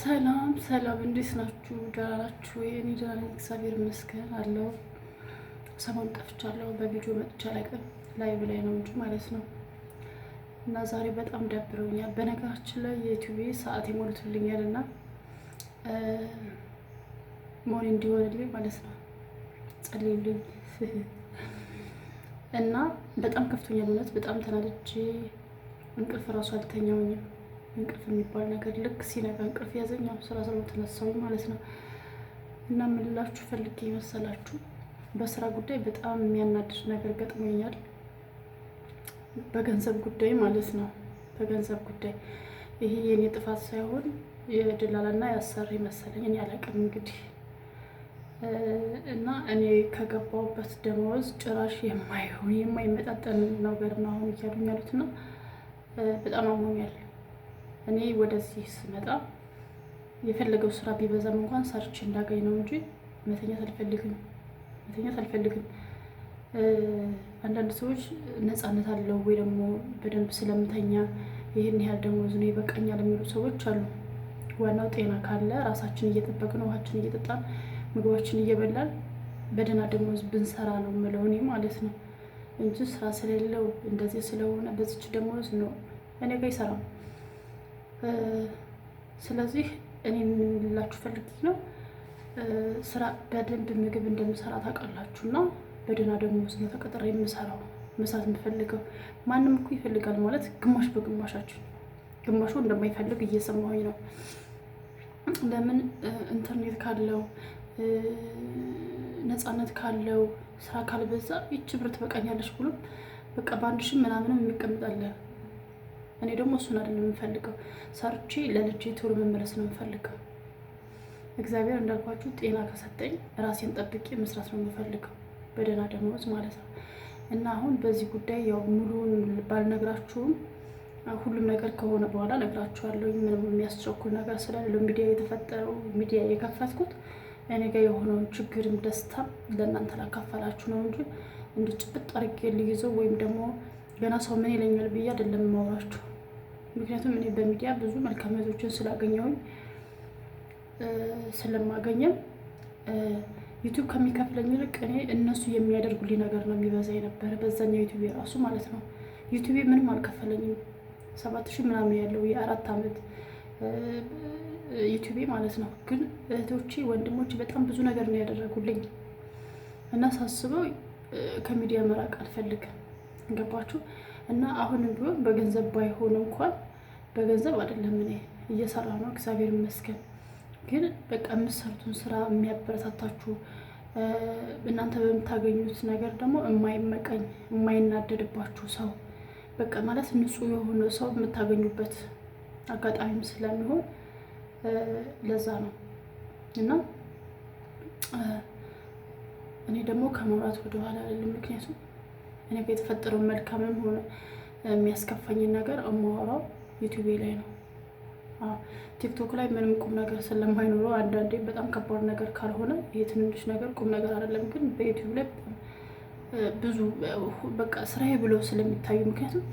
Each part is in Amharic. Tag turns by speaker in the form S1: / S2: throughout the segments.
S1: ሰላም ሰላም፣ እንዴት ናችሁ? ደህና ናችሁ? የኔ ደህና ነኝ፣ እግዚአብሔር ይመስገን አለው። ሰሞን ጠፍቻለሁ፣ በቪዲዮ መጥቼ አላውቅም። ላይቭ ላይ ነው እንጂ ማለት ነው። እና ዛሬ በጣም ደብረውኛል። በነገራችን ላይ የዩቲዩብ ሰዓት ይሞልቱልኛል እና ሞን እንዲሆንልኝ ማለት ነው ጸልዩልኝ። እና በጣም ከፍቶኛል፣ እውነት በጣም ተናድጄ እንቅልፍ እራሱ አልተኛውኝም እንቅልፍ የሚባል ነገር ልክ ሲነጋ እንቅልፍ ያዘኝ። ያው ስራ ስለተነሳሁኝ ማለት ነው። እና ምንላችሁ ፈልጌ መሰላችሁ፣ በስራ ጉዳይ በጣም የሚያናድድ ነገር ገጥሞኛል። በገንዘብ ጉዳይ ማለት ነው። በገንዘብ ጉዳይ ይሄ የኔ ጥፋት ሳይሆን የደላላና የአሰሪ መሰለኝ፣ እኔ አላውቅም እንግዲህ እና እኔ ከገባሁበት ደመወዝ ጭራሽ የማይሆን የማይመጣጠን ነገር ነው አሁን እያሉኝ ያሉት እና በጣም አሞኛል። እኔ ወደዚህ ስመጣ የፈለገው ስራ ቢበዛም እንኳን ሰርች እንዳገኝ ነው እንጂ መተኛት አልፈልግም። መተኛት አልፈልግም። አንዳንድ ሰዎች ነፃነት አለው ወይ ደግሞ በደንብ ስለምተኛ ይህን ያህል ደሞዝ ነው ይበቃኛል የሚሉ ሰዎች አሉ። ዋናው ጤና ካለ ራሳችን እየጠበቅን ውሃችን እየጠጣን ምግባችን እየበላን በደህና ደሞዝ ብንሰራ ነው የምለው እኔ ማለት ነው እንጂ ስራ ስለሌለው እንደዚህ ስለሆነ በዚች ደሞዝ ነው እኔ ጋ ይሰራል ስለዚህ እኔ የምንላችሁ ፈልጌ ነው ስራ በደንብ ምግብ እንደምሰራ ታውቃላችሁ። እና በደህና ደግሞ ስለተቀጠረ የምሰራው መስራት የምፈልገው ማንም እኮ ይፈልጋል ማለት ግማሽ በግማሻችን ግማሹ እንደማይፈልግ እየሰማሁኝ ነው። ለምን ኢንተርኔት ካለው ነፃነት ካለው ስራ ካልበዛ ይች ብር ትበቃኛለች ብሎ በቃ በአንድ ሺህ ምናምንም የሚቀምጣለን እኔ ደግሞ እሱን አይደለም የምፈልገው። ሰርቼ ለልጄ ቶሎ መመለስ ነው የምፈልገው። እግዚአብሔር እንዳልኳችሁ ጤና ከሰጠኝ ራሴን ጠብቄ መስራት ነው የምፈልገው፣ በደህና ደመወዝ ማለት ነው። እና አሁን በዚህ ጉዳይ ያው ሙሉውን ባልነግራችሁም ሁሉም ነገር ከሆነ በኋላ ነግራችኋለሁ። ምንም የሚያስቸኩል ነገር ስለሌለው ሚዲያ የተፈጠረው ሚዲያ የከፈትኩት እኔ ጋር የሆነውን ችግርም ደስታም ለእናንተ ላካፈላችሁ ነው እንጂ እንዲጭብጥ አድርጌ ልይዘው ወይም ደግሞ ገና ሰው ምን ይለኛል ብዬ አይደለም የማወራችሁ። ምክንያቱም እኔ በሚዲያ ብዙ መልካምነቶችን ስላገኘውኝ ስለማገኘም ዩቱብ ከሚከፍለኝ ይልቅ እኔ እነሱ የሚያደርጉልኝ ነገር ነው የሚበዛ የነበረ በዛኛው ዩቱብ የራሱ ማለት ነው። ዩቱቤ ምንም አልከፈለኝም። ሰባት ሺህ ምናምን ያለው የአራት ዓመት ዩቱቤ ማለት ነው። ግን እህቶቼ ወንድሞቼ በጣም ብዙ ነገር ነው ያደረጉልኝ እና ሳስበው ከሚዲያ መራቅ አልፈልግም። ገባችሁ? እና አሁንም ቢሆን በገንዘብ ባይሆን እንኳን በገንዘብ አይደለም እኔ እየሰራ ነው፣ እግዚአብሔር ይመስገን። ግን በቃ የምትሰሩትን ስራ የሚያበረታታችሁ እናንተ በምታገኙት ነገር ደግሞ የማይመቀኝ የማይናደድባችሁ ሰው በቃ ማለት ንጹሕ የሆነ ሰው የምታገኙበት አጋጣሚም ስለሚሆን ለዛ ነው እና እኔ ደግሞ ከመውራት ወደኋላ አይደለም ምክንያቱም እኔ የተፈጠረው መልካምም ሆነ የሚያስከፋኝን ነገር እማወራው ዩቲዩቤ ላይ ነው። ቲክቶክ ላይ ምንም ቁም ነገር ስለማይኖረው አንዳንዴ በጣም ከባድ ነገር ካልሆነ ይህ ትንንሽ ነገር ቁም ነገር አይደለም፣ ግን በዩቲዩብ ላይ ብዙ በቃ ስራዬ ብለው ስለሚታዩ ምክንያቱም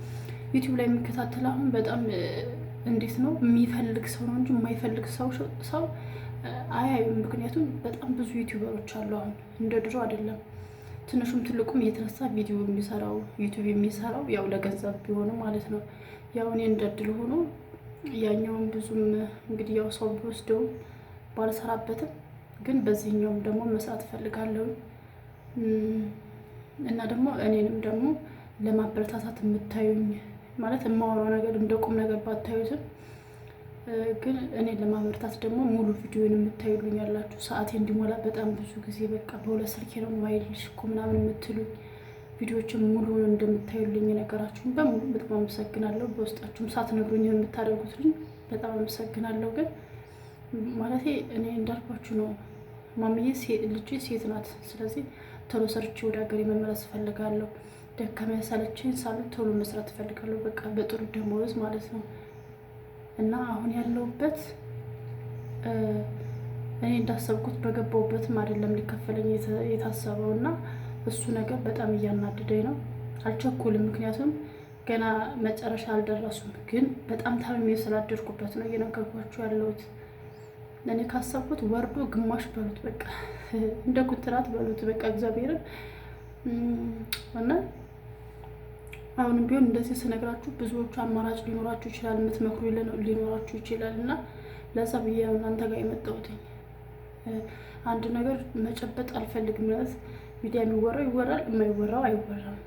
S1: ዩቲዩብ ላይ የሚከታተል አሁን በጣም እንዴት ነው የሚፈልግ ሰው ነው እንጂ የማይፈልግ ሰው ሰው አያዩም። ምክንያቱም በጣም ብዙ ዩቲዩበሮች አሉ። አሁን እንደ ድሮ አይደለም። ትንሹም ትልቁም እየተነሳ ቪዲዮ የሚሰራው ዩቱብ የሚሰራው ያው ለገንዘብ ቢሆንም ማለት ነው። ያው እኔ እንደድል ሆኖ ያኛውም ብዙም እንግዲህ ያው ሰው ቢወስደውም ባልሰራበትም ግን በዚህኛውም ደግሞ መስራት እፈልጋለሁ እና ደግሞ እኔንም ደግሞ ለማበረታታት የምታዩኝ ማለት የማወራው ነገር እንደ ቁም ነገር ባታዩትም ግን እኔ ለማበርታት ደግሞ ሙሉ ቪዲዮን የምታዩልኝ ያላችሁ ሰዓቴ እንዲሞላ በጣም ብዙ ጊዜ በቃ በሁለት ስልኬ ነው ሞባይል እኮ ምናምን የምትሉኝ ቪዲዮችን ሙሉ እንደምታዩልኝ ነገራችሁን በሙሉ በጣም አመሰግናለሁ። በውስጣችሁም ሳትነግሩኝ የምታደርጉትልኝ በጣም አመሰግናለሁ። ግን ማለቴ እኔ እንዳልኳችሁ ነው። ማምዬ ልጅ ሴት ናት። ስለዚህ ቶሎ ሰርቼ ወደ ሀገሬ መመለስ እፈልጋለሁ። ደከመኝ ሰለቸኝ ሳሉ ቶሎ መስራት እፈልጋለሁ። በቃ በጥሩ ደሞዝ ማለት ነው። እና አሁን ያለውበት እኔ እንዳሰብኩት በገባውበትም አይደለም ሊከፈለኝ የታሰበው እና እሱ ነገር በጣም እያናደደኝ ነው። አልቸኩልም፣ ምክንያቱም ገና መጨረሻ አልደረሱም። ግን በጣም ታምሜ ስላደርኩበት ነው እየነገርኳችሁ ያለሁት። እኔ ካሰብኩት ወርዶ ግማሽ በሉት፣ በቃ እንደ ኩንትራት በሉት፣ በቃ እግዚአብሔርን እና አሁንም ቢሆን እንደዚህ ስነግራችሁ ብዙዎቹ አማራጭ ሊኖራችሁ ይችላል፣ የምትመክሩ ሊኖራችሁ ይችላል። እና ለዛ ብዬ እናንተ ጋር የመጣሁትኝ አንድ ነገር መጨበጥ አልፈልግም። ማለት ሚዲያ የሚወራው ይወራል፣ የማይወራው አይወራም።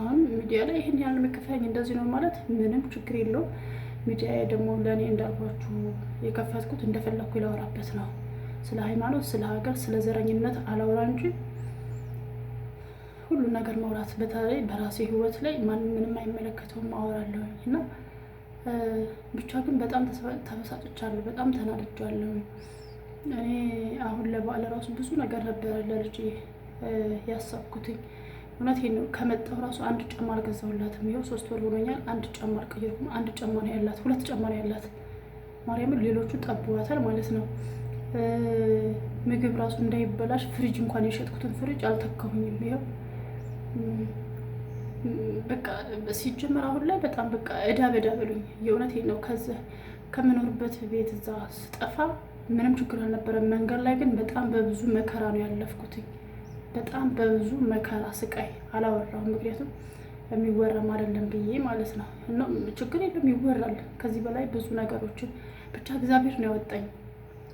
S1: አሁን ሚዲያ ላይ ይህን ያህል የሚከፋኝ እንደዚህ ነው ማለት ምንም ችግር የለውም። ሚዲያ ደግሞ ለእኔ እንዳልኳችሁ የከፈትኩት እንደፈለግኩ ላወራበት ነው። ስለ ሃይማኖት፣ ስለ ሀገር፣ ስለ ዘረኝነት አላውራ እንጂ ሁሉ ነገር መውራት በተለይ በራሴ ህይወት ላይ ማንም ምንም አይመለከተውም አወራለሁኝ እና ብቻ ግን በጣም ተበሳጭቻለሁ፣ በጣም ተናድጃለሁ። እኔ አሁን ለበዓል ራሱ ብዙ ነገር ነበረ ለልጄ ያሰብኩትኝ እውነት ነው። ከመጣሁ ራሱ አንድ ጫማ አልገዛሁላትም። ይኸው ሶስት ወር ሆኖኛል። አንድ ጫማ አልቀየርኩም። አንድ ጫማ ነው ያላት፣ ሁለት ጫማ ነው ያላት። ማርያምን ሌሎቹ ጠብዋታል ማለት ነው። ምግብ ራሱ እንዳይበላሽ ፍሪጅ እንኳን የሸጥኩትን ፍሪጅ አልተካሁኝም። ይኸው በቃ ሲጀመር አሁን ላይ በጣም በቃ እዳ በዳ ብሉኝ የእውነት ነው። ከዚ ከምኖርበት ቤት እዛ ስጠፋ ምንም ችግር አልነበረም። መንገድ ላይ ግን በጣም በብዙ መከራ ነው ያለፍኩትኝ። በጣም በብዙ መከራ ስቃይ አላወራም፣ ምክንያቱም የሚወራም አይደለም ብዬ ማለት ነው። እና ችግር የለም ይወራል። ከዚህ በላይ ብዙ ነገሮችን ብቻ እግዚአብሔር ነው ያወጣኝ።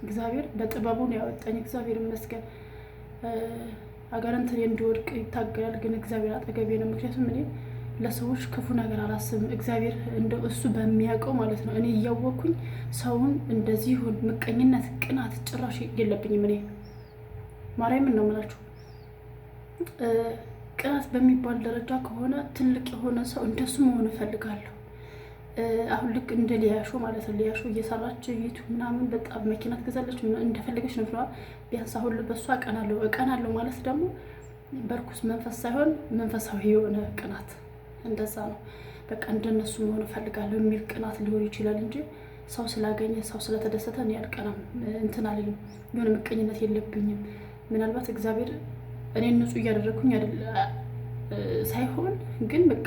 S1: እግዚአብሔር በጥበቡ ነው ያወጣኝ። እግዚአብሔር ይመስገን። አጋንንት እኔ እንዲወድቅ ይታገላል፣ ግን እግዚአብሔር አጠገቤ ነው። ምክንያቱም እኔ ለሰዎች ክፉ ነገር አላስብም። እግዚአብሔር እንደ እሱ በሚያውቀው ማለት ነው። እኔ እያወቅኩኝ ሰውን እንደዚህ ሁን ምቀኝነት፣ ቅናት ጭራሽ የለብኝም። እኔ ማርያምን ነው የምላችሁ። ቅናት በሚባል ደረጃ ከሆነ ትልቅ የሆነ ሰው እንደሱ መሆን እፈልጋለሁ። አሁን ልክ እንደ ሊያሾ ማለት ነው። ሊያሾ እየሰራች ዩቱብ ምናምን በጣም መኪና ትገዛለች እንደፈለገች ነው ብለዋል። ቢያንስ አሁን በእሷ እቀናለሁ እቀናለሁ ማለት ደግሞ በርኩስ መንፈስ ሳይሆን መንፈሳዊ የሆነ ቅናት እንደዛ ነው። በቃ እንደነሱ መሆን እፈልጋለሁ የሚል ቅናት ሊሆን ይችላል እንጂ ሰው ስላገኘ ሰው ስለተደሰተ እኔ አልቀናም፣ እንትን አልልም፣ የሆነ ምቀኝነት የለብኝም። ምናልባት እግዚአብሔር እኔ ንጹሕ እያደረግኩኝ ሳይሆን ግን በቃ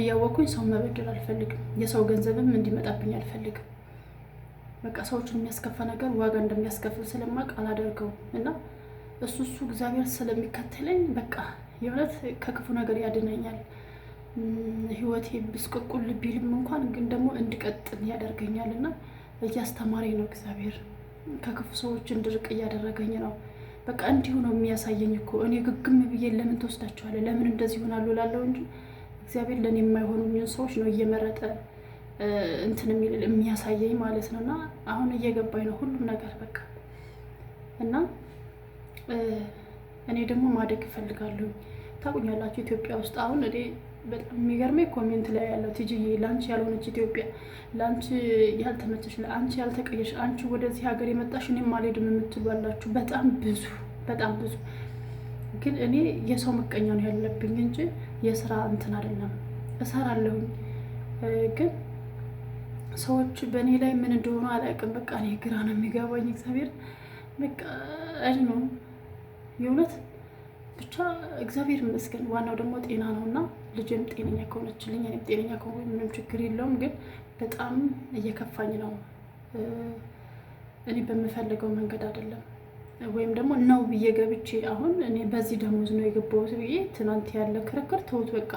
S1: እያወኩኝ ሰው መበደል አልፈልግም። የሰው ገንዘብም እንዲመጣብኝ አልፈልግም። በቃ ሰዎችን የሚያስከፋ ነገር ዋጋ እንደሚያስከፍል ስለማቅ አላደርገው እና እሱ እሱ እግዚአብሔር ስለሚከተለኝ በቃ የእውነት ከክፉ ነገር ያድነኛል። ህይወቴ ብስቅቁል ቢልም እንኳን ግን ደግሞ እንድቀጥል ያደርገኛል እና እያስተማረኝ ነው እግዚአብሔር ከክፉ ሰዎች እንድርቅ እያደረገኝ ነው። በቃ እንዲሁ ነው የሚያሳየኝ እኮ እኔ ግግም ብዬ ለምን ትወስዳቸዋለህ፣ ለምን እንደዚህ ይሆናሉ ላለው እንጂ እግዚአብሔር ለእኔ የማይሆኑኝን ሰዎች ነው እየመረጠ እንትን የሚል የሚያሳየኝ ማለት ነው። እና አሁን እየገባኝ ነው ሁሉም ነገር በቃ እና እኔ ደግሞ ማደግ እፈልጋለሁ። ታቁኛላችሁ ኢትዮጵያ ውስጥ አሁን እኔ በጣም የሚገርመኝ ኮሜንት ላይ ያለው ቲጂዬ ለአንቺ ያልሆነች ኢትዮጵያ፣ ለአንቺ ያልተመቸሽ፣ ለአንቺ ያልተቀየሽ፣ አንቺ ወደዚህ ሀገር የመጣሽ እኔም አልሄድም የምትሉ አላችሁ። በጣም ብዙ በጣም ብዙ ግን እኔ የሰው ምቀኛ ነው ያለብኝ እንጂ የስራ እንትን አይደለም። እሰራለሁኝ ግን ሰዎች በእኔ ላይ ምን እንደሆኑ አላውቅም። በቃ እኔ ግራ ነው የሚገባኝ። እግዚአብሔር በቃ ነው የእውነት ብቻ እግዚአብሔር ይመስገን። ዋናው ደግሞ ጤና ነው እና ልጅም ጤነኛ ከሆነችልኝ እኔም ጤነኛ ከሆነ ምንም ችግር የለውም። ግን በጣም እየከፋኝ ነው። እኔ በምፈልገው መንገድ አይደለም ወይም ደግሞ ነው ብዬ ገብቼ አሁን እኔ በዚህ ደሞዝ ነው የገባሁት ብዬ ትናንት ያለ ክርክር ተውት። በቃ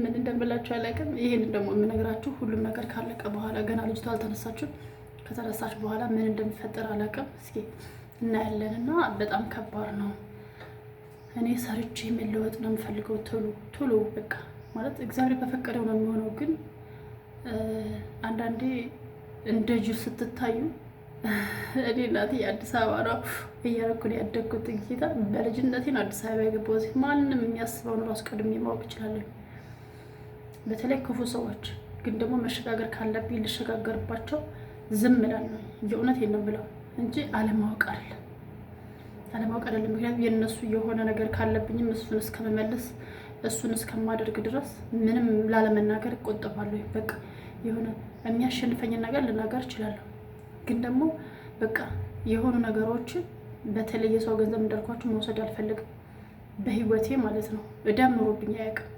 S1: ምን እንደምላችሁ አላውቅም። ይህን ደግሞ የምነግራችሁ ሁሉም ነገር ካለቀ በኋላ ገና ልጅቷ አልተነሳችም። ከተነሳች በኋላ ምን እንደሚፈጠር አላውቅም። እስኪ እናያለን። እና በጣም ከባድ ነው። እኔ ሰርቼ መለወጥ ነው የምፈልገው። ቶሎ ቶሎ በቃ ማለት እግዚአብሔር በፈቀደው ነው የሚሆነው። ግን አንዳንዴ እንደ ስትታዩ እኔ እናቴ አዲስ አበባ ነው እያልኩ ነው ያደግኩት። ጌታ ነው አዲስ አበባ የገባሁት ማንም የሚያስበውን ራሱ ቀድሜ ማወቅ እችላለሁ። በተለይ ክፉ ሰዎች ግን ደግሞ መሸጋገር ካለብኝ ልሸጋገርባቸው ዝም እላለሁ። የእውነት ነው ብለው እንጂ አለማወቅ አለ አለማወቅ አይደለም። ምክንያቱም የእነሱ የሆነ ነገር ካለብኝም እሱን እስከመመለስ እሱን እስከማደርግ ድረስ ምንም ላለመናገር እቆጠባለሁ። በቃ የሆነ የሚያሸንፈኝን ነገር ልናገር እችላለሁ። ግን ደግሞ በቃ የሆኑ ነገሮችን በተለየ ሰው ገንዘብ እንዳልኳቸው መውሰድ አልፈልግም። በህይወቴ ማለት ነው። እዳም ኖሮብኝ አያውቅም።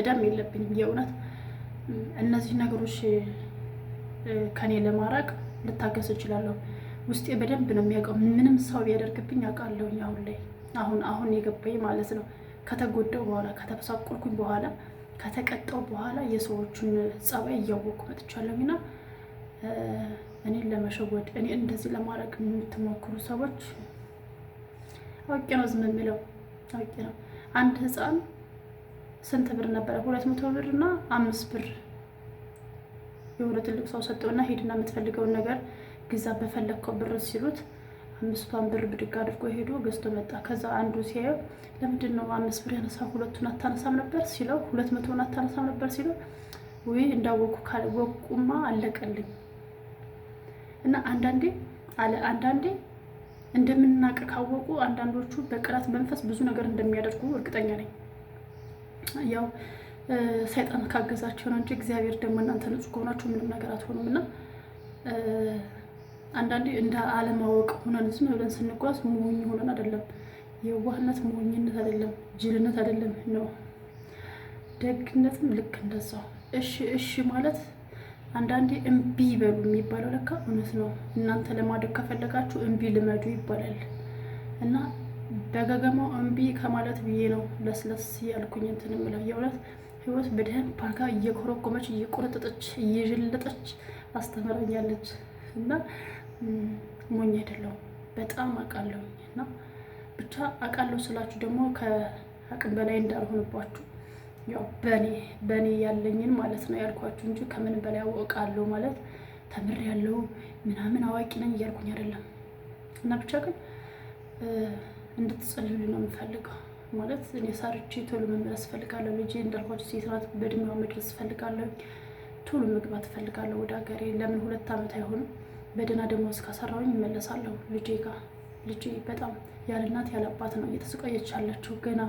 S1: እዳም የለብኝም። የእውነት እነዚህ ነገሮች ከኔ ለማራቅ ልታገስ እችላለሁ። ውስጤ በደንብ ነው የሚያውቀው። ምንም ሰው ቢያደርግብኝ አውቃለሁኝ። አሁን ላይ አሁን አሁን የገባኝ ማለት ነው። ከተጎዳው በኋላ ከተበሳቆልኩኝ በኋላ ከተቀጣው በኋላ የሰዎቹን ጸባይ እያወቅኩ መጥቻለሁና እኔን ለመሸወድ እኔ እንደዚህ ለማድረግ የምትሞክሩ ሰዎች አውቄ ነው ዝም የሚለው አውቄ ነው። አንድ ህፃን ስንት ብር ነበረ? ሁለት መቶ ብር እና አምስት ብር የሆነ ትልቅ ሰው ሰጠውና ሄድና የምትፈልገውን ነገር ግዛ በፈለግከው ብር ሲሉት አምስቷን ብር ብድግ አድርጎ ሄዶ ገዝቶ መጣ። ከዛ አንዱ ሲያየው ለምንድን ነው አምስት ብር ያነሳ ሁለቱን አታነሳም ነበር ሲለው፣ ሁለት መቶውን አታነሳም ነበር ሲለው፣ ውይ እንዳወቁ ካልወቁማ አለቀልኝ እና አንዳንዴ አለ አንዳንዴ እንደምናቅ ካወቁ አንዳንዶቹ በቅራት መንፈስ ብዙ ነገር እንደሚያደርጉ እርግጠኛ ነኝ። ያው ሰይጣን ካገዛቸው ነው እንጂ እግዚአብሔር ደግሞ እናንተ ንጹሕ ከሆናችሁ ምንም ነገር አትሆኑም። እና አንዳንዴ እንደ አለማወቅ ሆነን ዝም ብለን ስንጓዝ መሆኝ ሆነን አይደለም። የዋህነት መሆኝነት አይደለም፣ ጅልነት አይደለም ነው ደግነትም ልክ እንደዛው እሺ እሺ ማለት አንዳንዴ እምቢ ይበሉ የሚባለው ለካ እውነት ነው። እናንተ ለማደግ ከፈለጋችሁ እምቢ ልመዱ ይባላል እና ደጋገማው እምቢ ከማለት ብዬ ነው ለስለስ ያልኩኝ እንትን የምለው የእውነት ህይወት በደንብ ፓርካ እየኮረኮመች እየቆረጠጠች እየዥለጠች አስተምረኛለች እና ሞኝ አይደለሁም። በጣም አውቃለሁ እና ብቻ አውቃለሁ ስላችሁ ደግሞ ከአቅም በላይ እንዳልሆንባችሁ ያው በኔ በኔ ያለኝን ማለት ነው ያልኳችሁ እንጂ ከምን በላይ አውቃለሁ ማለት ተምር ያለው ምናምን አዋቂ ነኝ እያልኩኝ አይደለም። እና ብቻ ግን እንድትጸልዩልኝ ነው የምፈልገው ማለት እኔ ሳርቼ ቶሎ መመለስ እፈልጋለሁ። ልጄ እንዳልኳችሁ ናት። በእድሜዋ መድረስ እፈልጋለሁ። ቶሎ መግባት እፈልጋለሁ ወደ ሀገሬ። ለምን ሁለት ዓመት አይሆንም። በደህና ደግሞ እስካሰራሁኝ እመለሳለሁ ልጄ ጋር። ልጄ በጣም ያለ እናት ያለ አባት ነው እየተሰቃየች ያለችው ገና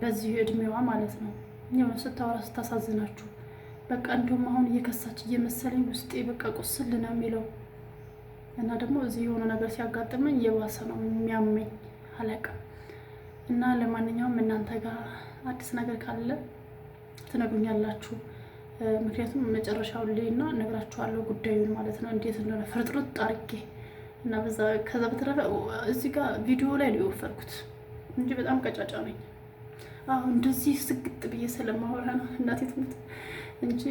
S1: በዚህ እድሜዋ ማለት ነው። የሆነ ስታወራ ስታሳዝናችሁ በቃ እንዲሁም አሁን እየከሳች እየመሰለኝ ውስጤ በቃ ቁስል ነው የሚለው እና ደግሞ እዚህ የሆነ ነገር ሲያጋጥመኝ እየባሰ ነው የሚያመኝ አላውቅም። እና ለማንኛውም እናንተ ጋር አዲስ ነገር ካለ ትነግሩኛላችሁ። ምክንያቱም መጨረሻው ላይና እነግራችኋለሁ ጉዳዩን ማለት ነው እንዴት እንደሆነ ፍርጥርጥ አድርጌ እና ከዛ በተረፈ እዚህ ጋር ቪዲዮ ላይ ነው የወፈርኩት እንጂ በጣም ቀጫጫ ነኝ። አሁን እንደዚህ ስግጥ ብዬ ስለማወራ ነው እናቴ ትምህርት እንጂ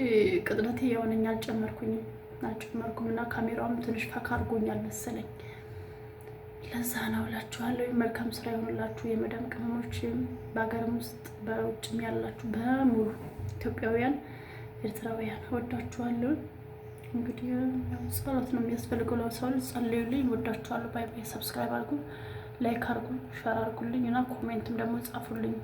S1: ቅጥነቴ የሆነኛ አልጨመርኩኝም አልጨመርኩም እና ካሜራውም ትንሽ ፈካ አድርጎኛል መሰለኝ። ለዛ ነው እላችኋለሁ። መልካም ስራ የሆኑላችሁ የመዳም ቅመሞች በሀገርም ውስጥ በውጭም ያላችሁ በሙሉ ኢትዮጵያውያን፣ ኤርትራውያን ወዳችኋለሁ። እንግዲህ ጸሎት ነው የሚያስፈልገው ለሰው ልጅ ጸልዩልኝ። ወዳችኋለሁ። ባይ ባይ። ሰብስክራይብ አድርጉ፣ ላይክ አድርጉ፣ ሸር አድርጉልኝ እና ኮሜንትም ደግሞ ጻፉልኝ።